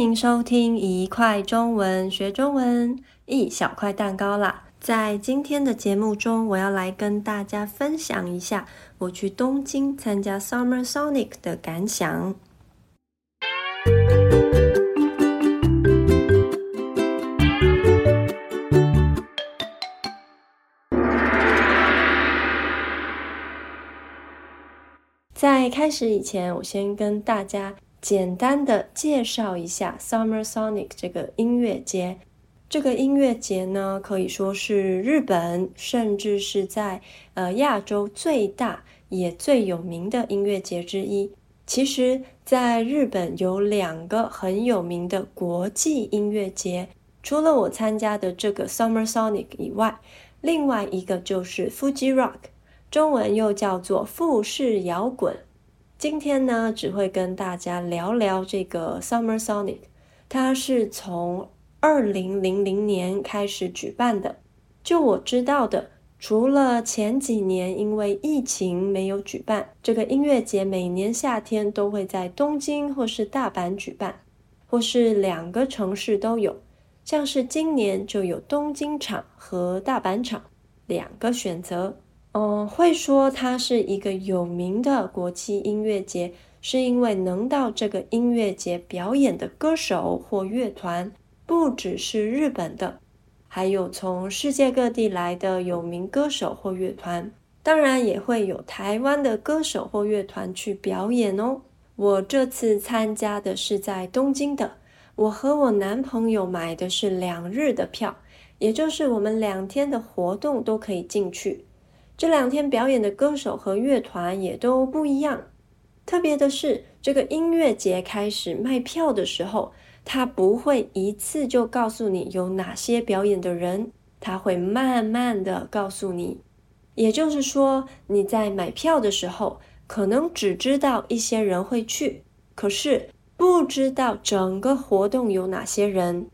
歡迎收聽一塊中文，學中文，一小塊蛋糕啦！在今天的節目中，我要來跟大家分享一下我去東京參加 Summer Sonic 的感想。在開始以前，我先跟大家簡單的介紹一下 Summer Sonic 這個音樂節。這個音樂節呢，可以說是日本，甚至是在呃亞洲最大也最有名的音樂節之一。其實，在日本有兩個很有名的國際音樂節，除了我參加的這個 Summer Sonic 以外，另外一個就是 Fuji Rock，中文又叫做富士搖滾。今天呢，只會跟大家聊聊這個 Summer Sonic，它是從二零零零年開始舉辦的。就我知道的，除了前幾年因為疫情沒有舉辦，這個音樂節每年夏天都會在東京或是大阪舉辦，或是兩個城市都有。像是今年就有東京場和大阪場兩個選擇。哦，會說它是一個有名的國際音樂節，是因為能到這個音樂節表演的歌手或樂團，不只是日本的，還有從世界各地來的有名歌手或樂團，當然也會有台灣的歌手或樂團去表演哦。我這次參加的是在東京的，我和我男朋友買的是兩日的票，也就是我們兩天的活動都可以進去。這兩天表演的歌手和樂團也都不一樣。特別的是，這個音樂節開始賣票的時候，他不會一次就告訴你有哪些表演的人，他會慢慢的告訴你。也就是說，你在買票的時候，可能只知道一些人會去，可是不知道整個活動有哪些人。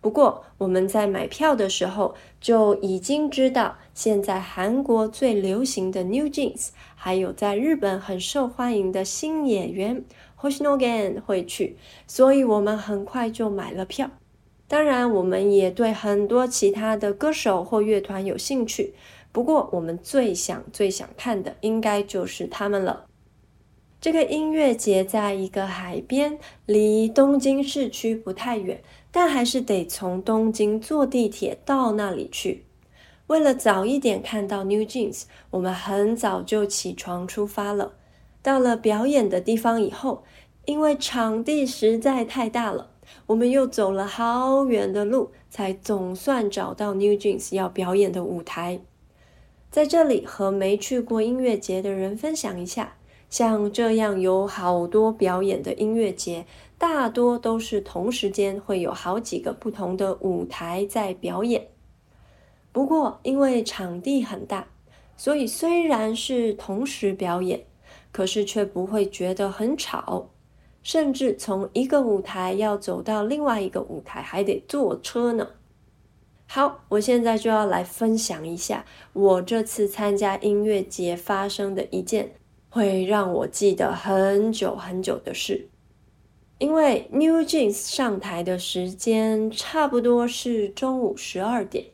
不過，我們在買票的時候就已經知道，現在韓國最流行的 New Jeans，還有在日本很受歡迎的新演員 Hoshino Gen 會去，所以我們很快就買了票。當然，我們也對很多其他的歌手或樂團有興趣，不過我們最想、最想看的應該就是他們了。這個音樂節在一個海邊，離東京市區不太遠。但還是得從東京坐地鐵到那裡去。為了早一點看到 New Jeans，我們很早就起床出發了。到了表演的地方以後，因為場地實在太大了，我們又走了好遠的路，才總算找到 New Jeans 要表演的舞台。在這裡和沒去過音樂節的人分享一下。像這樣有好多表演的音樂節，大多都是同時間會有好幾個不同的舞台在表演。不過，因為場地很大，所以雖然是同時表演，可是卻不會覺得很吵。甚至從一個舞台要走到另外一個舞台，還得坐車呢。好，我現在就要來分享一下我這次參加音樂節發生的一件。會讓我記得很久很久的事，因為 New Jeans 上台的時間差不多是中午十二點，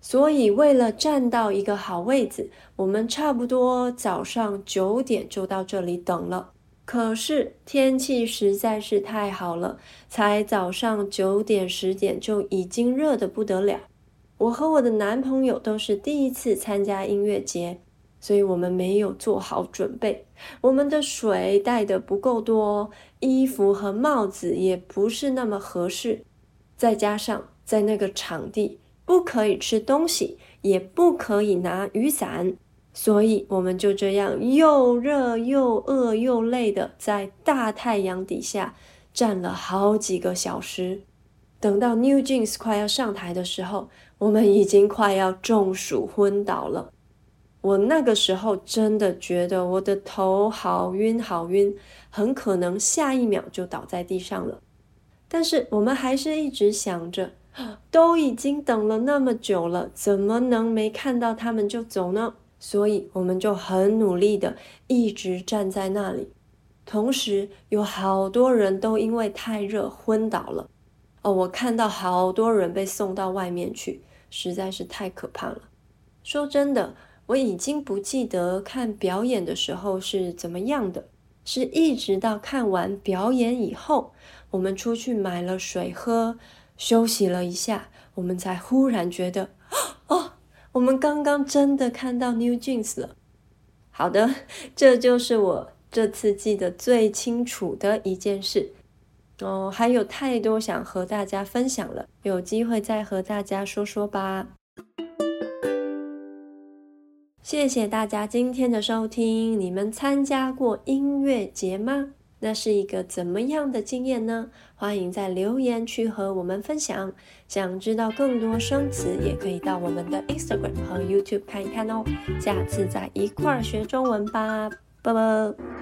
所以為了站到一個好位置，我們差不多早上九點就到這裡等了。可是天氣實在是太好了，才早上九點十點就已經熱得不得了。我和我的男朋友都是第一次參加音樂節。所以我們沒有做好準備，我們的水帶的不夠多哦，衣服和帽子也不是那麼合適，再加上在那個場地不可以吃東西，也不可以拿雨傘，所以我們就這樣又熱又餓又累的在大太陽底下站了好幾個小時，等到 New Jeans 快要上台的時候，我們已經快要中暑昏倒了。我那個時候真的覺得我的頭好暈好暈，很可能下一秒就倒在地上了。但是我們還是一直想着，都已經等了那麼久了，怎麼能沒看到他們就走呢？所以我們就很努力的一直站在那裡。同時，有好多人都因為太熱昏倒了。哦，我看到好多人被送到外面去，實在是太可怕了。說真的。我已經不記得看表演的時候是怎麼樣的，是一直到看完表演以後，我們出去買了水喝，休息了一下，我們才忽然覺得，哦，我們剛剛真的看到 New Jeans 了。好的，這就是我這次記得最清楚的一件事。哦，還有太多想和大家分享了，有機會再和大家說說吧。謝謝大家今天的收聽。你們參加過音樂節嗎？那是一個怎麼樣的經驗呢？歡迎在留言區和我們分享。想知道更多生詞，也可以到我們的 Instagram 和 YouTube 看一看哦。下次再一塊兒學中文吧，拜拜。